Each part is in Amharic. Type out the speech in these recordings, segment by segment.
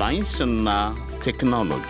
ሳይንስና ቴክኖሎጂ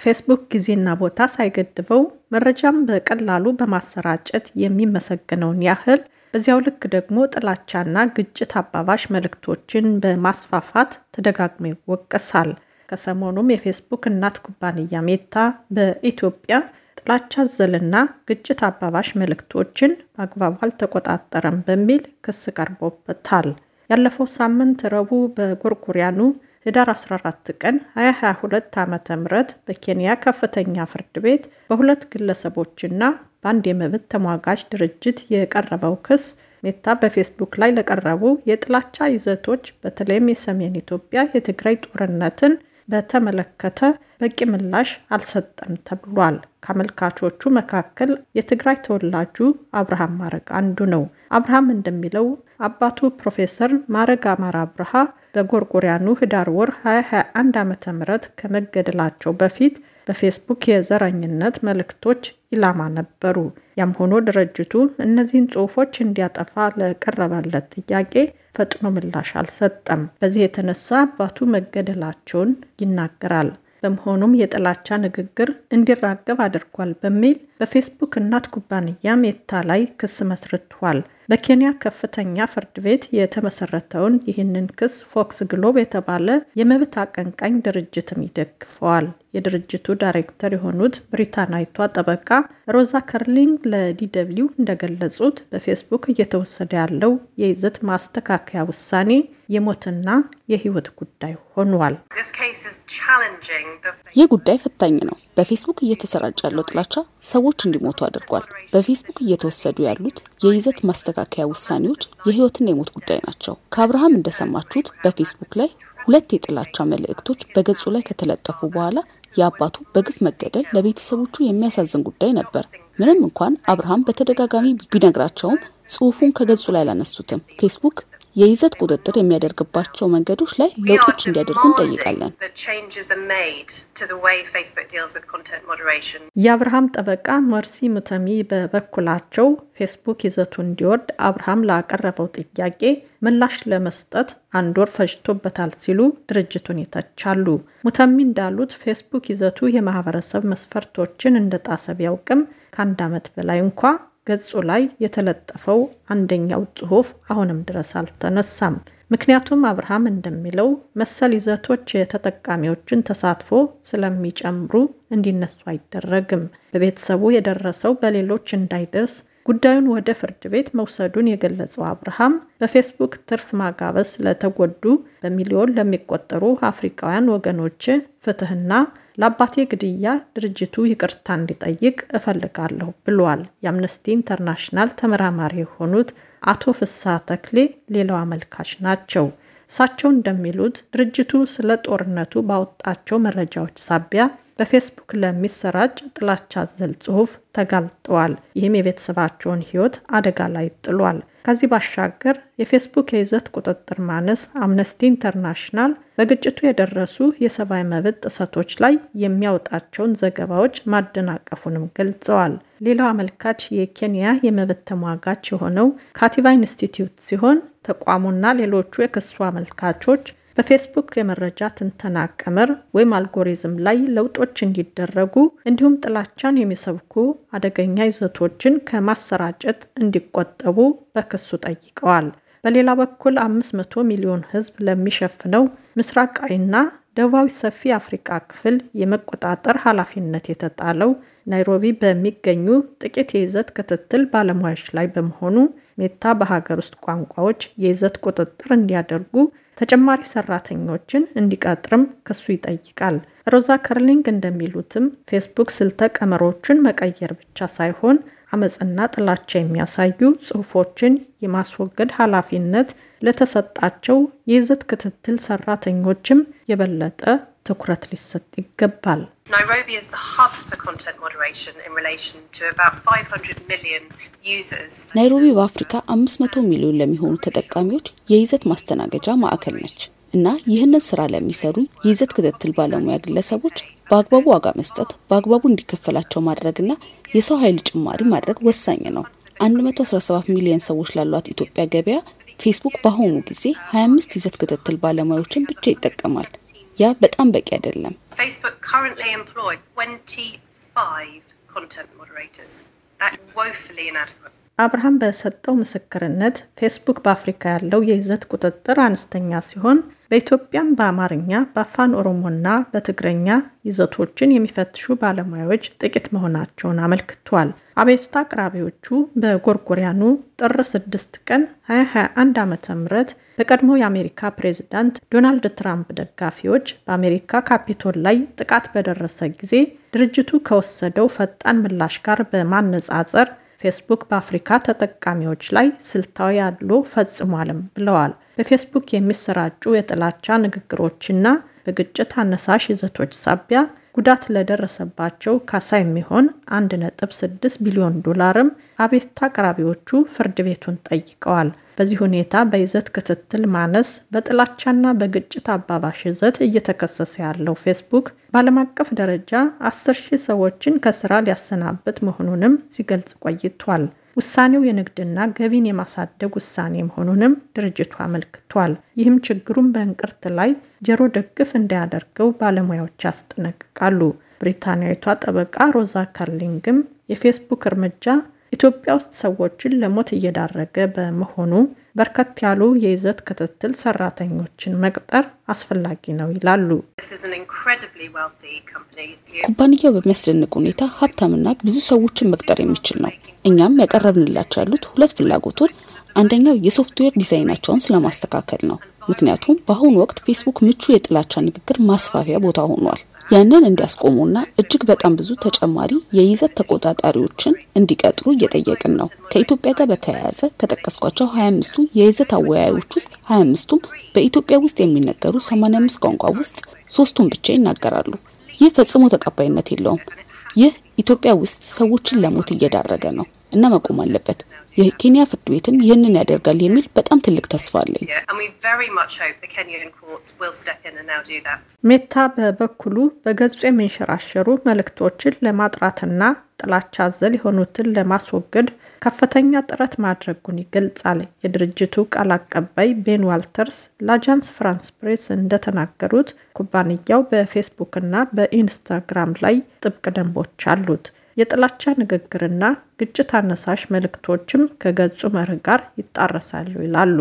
ፌስቡክ ጊዜና ቦታ ሳይገድበው መረጃም በቀላሉ በማሰራጨት የሚመሰገነውን ያህል በዚያው ልክ ደግሞ ጥላቻና ግጭት አባባሽ መልእክቶችን በማስፋፋት ተደጋግሞ ይወቀሳል። ከሰሞኑም የፌስቡክ እናት ኩባንያ ሜታ በኢትዮጵያ ጥላቻ ዘልና ግጭት አባባሽ መልእክቶችን በአግባቡ አልተቆጣጠረም በሚል ክስ ቀርቦበታል። ያለፈው ሳምንት ረቡዕ በጎርጎሪያኑ ህዳር 14 ቀን 2022 ምት በኬንያ ከፍተኛ ፍርድ ቤት በሁለት ግለሰቦችና በአንድ የመብት ተሟጋች ድርጅት የቀረበው ክስ ሜታ በፌስቡክ ላይ ለቀረቡ የጥላቻ ይዘቶች በተለይም የሰሜን ኢትዮጵያ የትግራይ ጦርነትን በተመለከተ በቂ ምላሽ አልሰጠም ተብሏል። ከአመልካቾቹ መካከል የትግራይ ተወላጁ አብርሃም ማረግ አንዱ ነው። አብርሃም እንደሚለው አባቱ ፕሮፌሰር ማረግ አማራ አብርሃ በጎርጎሪያኑ ህዳር ወር 2021 ዓ ም ከመገደላቸው በፊት በፌስቡክ የዘረኝነት መልእክቶች ኢላማ ነበሩ። ያም ሆኖ ድርጅቱ እነዚህን ጽሁፎች እንዲያጠፋ ለቀረበለት ጥያቄ ፈጥኖ ምላሽ አልሰጠም። በዚህ የተነሳ አባቱ መገደላቸውን ይናገራል። በመሆኑም የጥላቻ ንግግር እንዲራገብ አድርጓል በሚል በፌስቡክ እናት ኩባንያ ሜታ ላይ ክስ መስርቷል። በኬንያ ከፍተኛ ፍርድ ቤት የተመሰረተውን ይህንን ክስ ፎክስ ግሎብ የተባለ የመብት አቀንቃኝ ድርጅትም ይደግፈዋል። የድርጅቱ ዳይሬክተር የሆኑት ብሪታናይቷ ጠበቃ ሮዛ ከርሊንግ ለዲደብሊው እንደገለጹት በፌስቡክ እየተወሰደ ያለው የይዘት ማስተካከያ ውሳኔ የሞትና የህይወት ጉዳይ ሆኗል። ይህ ጉዳይ ፈታኝ ነው። በፌስቡክ እየተሰራጨ ያለው ጥላቻ ሰዎች እንዲሞቱ አድርጓል። በፌስቡክ እየተወሰዱ ያሉት የይዘት ማስተካከያ ውሳኔዎች የህይወትና የሞት ጉዳይ ናቸው። ከአብርሃም እንደሰማችሁት በፌስቡክ ላይ ሁለት የጥላቻ መልእክቶች በገጹ ላይ ከተለጠፉ በኋላ የአባቱ በግፍ መገደል ለቤተሰቦቹ የሚያሳዝን ጉዳይ ነበር። ምንም እንኳን አብርሃም በተደጋጋሚ ቢነግራቸውም ጽሁፉን ከገጹ ላይ አላነሱትም። ፌስቡክ የይዘት ቁጥጥር የሚያደርግባቸው መንገዶች ላይ ለውጦች እንዲያደርጉ እንጠይቃለን። የአብርሃም ጠበቃ መርሲ ሙተሚ በበኩላቸው ፌስቡክ ይዘቱ እንዲወርድ አብርሃም ላቀረበው ጥያቄ ምላሽ ለመስጠት አንድ ወር ፈጅቶበታል ሲሉ ድርጅቱን ይተቻሉ። ሙተሚ እንዳሉት ፌስቡክ ይዘቱ የማህበረሰብ መስፈርቶችን እንደጣሰ ቢያውቅም ከአንድ ዓመት በላይ እንኳ ገጹ ላይ የተለጠፈው አንደኛው ጽሑፍ አሁንም ድረስ አልተነሳም። ምክንያቱም አብርሃም እንደሚለው መሰል ይዘቶች የተጠቃሚዎችን ተሳትፎ ስለሚጨምሩ እንዲነሱ አይደረግም። በቤተሰቡ የደረሰው በሌሎች እንዳይደርስ ጉዳዩን ወደ ፍርድ ቤት መውሰዱን የገለጸው አብርሃም በፌስቡክ ትርፍ ማጋበስ ለተጎዱ በሚሊዮን ለሚቆጠሩ አፍሪካውያን ወገኖች ፍትህና ለአባቴ ግድያ ድርጅቱ ይቅርታ እንዲጠይቅ እፈልጋለሁ ብለዋል የአምነስቲ ኢንተርናሽናል ተመራማሪ የሆኑት አቶ ፍስሐ ተክሌ ሌላው አመልካች ናቸው። እሳቸው እንደሚሉት ድርጅቱ ስለ ጦርነቱ ባወጣቸው መረጃዎች ሳቢያ በፌስቡክ ለሚሰራጭ ጥላቻ አዘል ጽሑፍ ተጋልጠዋል። ይህም የቤተሰባቸውን ሕይወት አደጋ ላይ ጥሏል። ከዚህ ባሻገር የፌስቡክ የይዘት ቁጥጥር ማነስ አምነስቲ ኢንተርናሽናል በግጭቱ የደረሱ የሰብአዊ መብት ጥሰቶች ላይ የሚያወጣቸውን ዘገባዎች ማደናቀፉንም ገልጸዋል። ሌላው አመልካች የኬንያ የመብት ተሟጋች የሆነው ካቲቫ ኢንስቲትዩት ሲሆን ተቋሙና ሌሎቹ የክሱ አመልካቾች በፌስቡክ የመረጃ ትንተና ቀመር ወይም አልጎሪዝም ላይ ለውጦች እንዲደረጉ እንዲሁም ጥላቻን የሚሰብኩ አደገኛ ይዘቶችን ከማሰራጨት እንዲቆጠቡ በክሱ ጠይቀዋል። በሌላ በኩል 500 ሚሊዮን ሕዝብ ለሚሸፍነው ምስራቃዊና ደቡባዊ ሰፊ አፍሪካ ክፍል የመቆጣጠር ኃላፊነት የተጣለው ናይሮቢ በሚገኙ ጥቂት የይዘት ክትትል ባለሙያዎች ላይ በመሆኑ ሜታ በሀገር ውስጥ ቋንቋዎች የይዘት ቁጥጥር እንዲያደርጉ ተጨማሪ ሰራተኞችን እንዲቀጥርም ክሱ ይጠይቃል። ሮዛ ከርሊንግ እንደሚሉትም ፌስቡክ ስልተ ቀመሮችን መቀየር ብቻ ሳይሆን አመፅና ጥላቻ የሚያሳዩ ጽሁፎችን የማስወገድ ኃላፊነት ለተሰጣቸው የይዘት ክትትል ሰራተኞችም የበለጠ ትኩረት ሊሰጥ ይገባል። ናይሮቢ is the hub for content moderation in relation to about 500 million users. ናይሮቢ በአፍሪካ 500 ሚሊዮን ለሚሆኑ ተጠቃሚዎች የይዘት ማስተናገጃ ማዕከል ነች እና ይህንን ስራ ለሚሰሩ የይዘት ክትትል ባለሙያ ግለሰቦች በአግባቡ ዋጋ መስጠት፣ በአግባቡ እንዲከፈላቸው ማድረግና የሰው ኃይል ጭማሪ ማድረግ ወሳኝ ነው። 117 ሚሊዮን ሰዎች ላሏት ኢትዮጵያ ገበያ ፌስቡክ በአሁኑ ጊዜ 25 ይዘት ክትትል ባለሙያዎችን ብቻ ይጠቀማል። Facebook currently employed 25 content moderators. That's woefully inadequate. አብርሃም በሰጠው ምስክርነት ፌስቡክ በአፍሪካ ያለው የይዘት ቁጥጥር አነስተኛ ሲሆን በኢትዮጵያም በአማርኛ በአፋን ኦሮሞና በትግረኛ ይዘቶችን የሚፈትሹ ባለሙያዎች ጥቂት መሆናቸውን አመልክቷል። አቤቱታ አቅራቢዎቹ በጎርጎሪያኑ ጥር 6 ቀን 2021 ዓ ም በቀድሞ የአሜሪካ ፕሬዝዳንት ዶናልድ ትራምፕ ደጋፊዎች በአሜሪካ ካፒቶል ላይ ጥቃት በደረሰ ጊዜ ድርጅቱ ከወሰደው ፈጣን ምላሽ ጋር በማነጻጸር ፌስቡክ በአፍሪካ ተጠቃሚዎች ላይ ስልታዊ አድሎ ፈጽሟልም ብለዋል። በፌስቡክ የሚሰራጩ የጥላቻ ንግግሮችና በግጭት አነሳሽ ይዘቶች ሳቢያ ጉዳት ለደረሰባቸው ካሳ የሚሆን 1.6 ቢሊዮን ዶላርም አቤቱታ አቅራቢዎቹ ፍርድ ቤቱን ጠይቀዋል። በዚህ ሁኔታ በይዘት ክትትል ማነስ በጥላቻና በግጭት አባባሽ ይዘት እየተከሰሰ ያለው ፌስቡክ በዓለም አቀፍ ደረጃ አስር ሺህ ሰዎችን ከስራ ሊያሰናብት መሆኑንም ሲገልጽ ቆይቷል። ውሳኔው የንግድና ገቢን የማሳደግ ውሳኔ መሆኑንም ድርጅቱ አመልክቷል። ይህም ችግሩን በእንቅርት ላይ ጆሮ ደግፍ እንዳያደርገው ባለሙያዎች ያስጠነቅቃሉ። ብሪታንያዊቷ ጠበቃ ሮዛ ከርሊንግም የፌስቡክ እርምጃ ኢትዮጵያ ውስጥ ሰዎችን ለሞት እየዳረገ በመሆኑ በርከት ያሉ የይዘት ክትትል ሰራተኞችን መቅጠር አስፈላጊ ነው ይላሉ። ኩባንያው በሚያስደንቅ ሁኔታ ሀብታምና ብዙ ሰዎችን መቅጠር የሚችል ነው። እኛም ያቀረብንላቸው ያሉት ሁለት ፍላጎቶች፣ አንደኛው የሶፍትዌር ዲዛይናቸውን ስለማስተካከል ነው። ምክንያቱም በአሁኑ ወቅት ፌስቡክ ምቹ የጥላቻ ንግግር ማስፋፊያ ቦታ ሆኗል። ያንን እንዲያስቆሙና እጅግ በጣም ብዙ ተጨማሪ የይዘት ተቆጣጣሪዎችን እንዲቀጥሩ እየጠየቅን ነው። ከኢትዮጵያ ጋር በተያያዘ ከጠቀስኳቸው 25ቱ የይዘት አወያዮች ውስጥ 25ቱም በኢትዮጵያ ውስጥ የሚነገሩ 85 ቋንቋ ውስጥ ሶስቱን ብቻ ይናገራሉ። ይህ ፈጽሞ ተቀባይነት የለውም። ይህ ኢትዮጵያ ውስጥ ሰዎችን ለሞት እየዳረገ ነው እና መቆም አለበት። የኬንያ ፍርድ ቤትም ይህንን ያደርጋል የሚል በጣም ትልቅ ተስፋ አለኝ። ሜታ በበኩሉ በገጹ የሚንሸራሸሩ መልእክቶችን ለማጥራትና ጥላቻ አዘል የሆኑትን ለማስወገድ ከፍተኛ ጥረት ማድረጉን ይገልጻል። የድርጅቱ ቃል አቀባይ ቤን ዋልተርስ ለአጃንስ ፍራንስ ፕሬስ እንደተናገሩት ኩባንያው በፌስቡክ እና በኢንስታግራም ላይ ጥብቅ ደንቦች አሉት። የጥላቻ ንግግርና ግጭት አነሳሽ መልእክቶችም ከገጹ መርህ ጋር ይጣረሳሉ ይላሉ።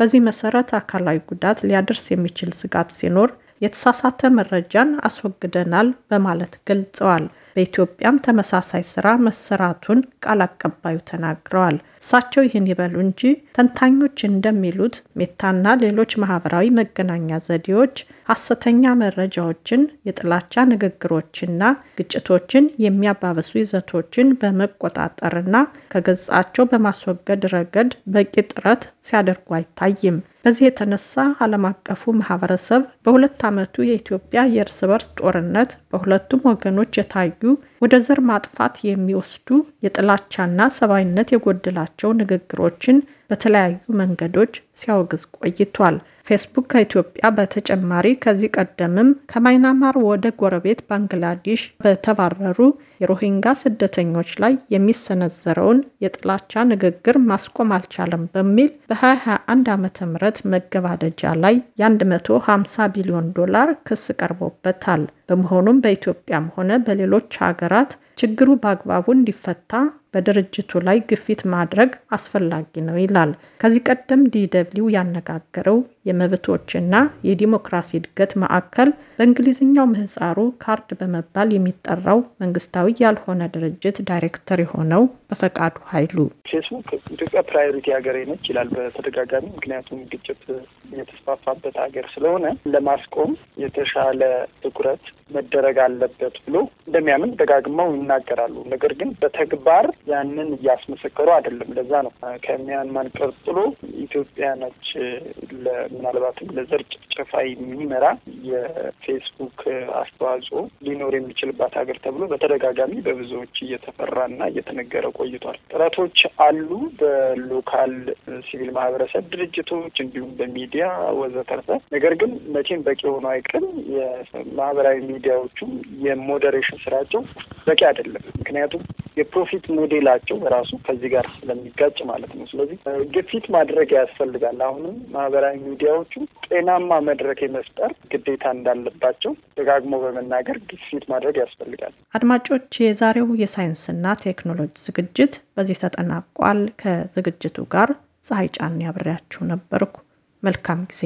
በዚህ መሰረት አካላዊ ጉዳት ሊያደርስ የሚችል ስጋት ሲኖር የተሳሳተ መረጃን አስወግደናል በማለት ገልጸዋል። በኢትዮጵያም ተመሳሳይ ስራ መሰራቱን ቃል አቀባዩ ተናግረዋል። እሳቸው ይህን ይበሉ እንጂ ተንታኞች እንደሚሉት ሜታና ሌሎች ማህበራዊ መገናኛ ዘዴዎች ሀሰተኛ መረጃዎችን፣ የጥላቻ ንግግሮችና ግጭቶችን የሚያባብሱ ይዘቶችን በመቆጣጠርና ከገጻቸው በማስወገድ ረገድ በቂ ጥረት ሲያደርጉ አይታይም። በዚህ የተነሳ ዓለም አቀፉ ማህበረሰብ በሁለት ዓመቱ የኢትዮጵያ የእርስ በርስ ጦርነት በሁለቱም ወገኖች የታዩ ወደ ዘር ማጥፋት የሚወስዱ የጥላቻና ሰብአዊነት የጎደላቸው ንግግሮችን በተለያዩ መንገዶች ሲያወግዝ ቆይቷል። ፌስቡክ ከኢትዮጵያ በተጨማሪ ከዚህ ቀደምም ከማይናማር ወደ ጎረቤት ባንግላዴሽ በተባረሩ የሮሂንጋ ስደተኞች ላይ የሚሰነዘረውን የጥላቻ ንግግር ማስቆም አልቻለም በሚል በ2021 ም መገባደጃ ላይ የ150 ቢሊዮን ዶላር ክስ ቀርቦበታል። በመሆኑም በኢትዮጵያም ሆነ በሌሎች ሀገራት ችግሩ በአግባቡ እንዲፈታ በድርጅቱ ላይ ግፊት ማድረግ አስፈላጊ ነው ይላል። ከዚህ ቀደም ዲደብሊው ያነጋገረው መብቶችና የዲሞክራሲ እድገት ማዕከል በእንግሊዝኛው ምህፃሩ ካርድ በመባል የሚጠራው መንግስታዊ ያልሆነ ድርጅት ዳይሬክተር የሆነው በፈቃዱ ኃይሉ ፌስቡክ ኢትዮጵያ ፕራዮሪቲ ሀገሬ ነች ይላል በተደጋጋሚ። ምክንያቱም ግጭት የተስፋፋበት ሀገር ስለሆነ ለማስቆም የተሻለ ትኩረት መደረግ አለበት ብሎ እንደሚያምን ደጋግመው ይናገራሉ። ነገር ግን በተግባር ያንን እያስመሰከሩ አይደለም። ለዛ ነው ከሚያንማር ቀጥሎ ኢትዮጵያ ነች ምናልባትም ለዘር ጭፍጨፋ የሚመራ የፌስቡክ አስተዋጽኦ ሊኖር የሚችልባት ሀገር ተብሎ በተደጋጋሚ በብዙዎች እየተፈራና እየተነገረ ቆይቷል። ጥረቶች አሉ። በሎካል ሲቪል ማህበረሰብ ድርጅቶች እንዲሁም በሚዲያ ወዘተርፈ። ነገር ግን መቼም በቂ ሆኖ አይቅርም። የማህበራዊ ሚዲያዎቹም የሞዴሬሽን ስራቸው በቂ አይደለም። ምክንያቱም የፕሮፊት ሞዴላቸው በራሱ ከዚህ ጋር ስለሚጋጭ ማለት ነው። ስለዚህ ግፊት ማድረግ ያስፈልጋል። አሁንም ማህበራዊ ሚዲያዎቹ ጤናማ መድረክ የመፍጠር ግዴታ እንዳለባቸው ደጋግሞ በመናገር ግፊት ማድረግ ያስፈልጋል። አድማጮች፣ የዛሬው የሳይንስና ቴክኖሎጂ ዝግጅት ዝግጅት በዚህ ተጠናቋል። ከዝግጅቱ ጋር ፀሐይ ጫን ያብሬያችሁ ነበርኩ። መልካም ጊዜ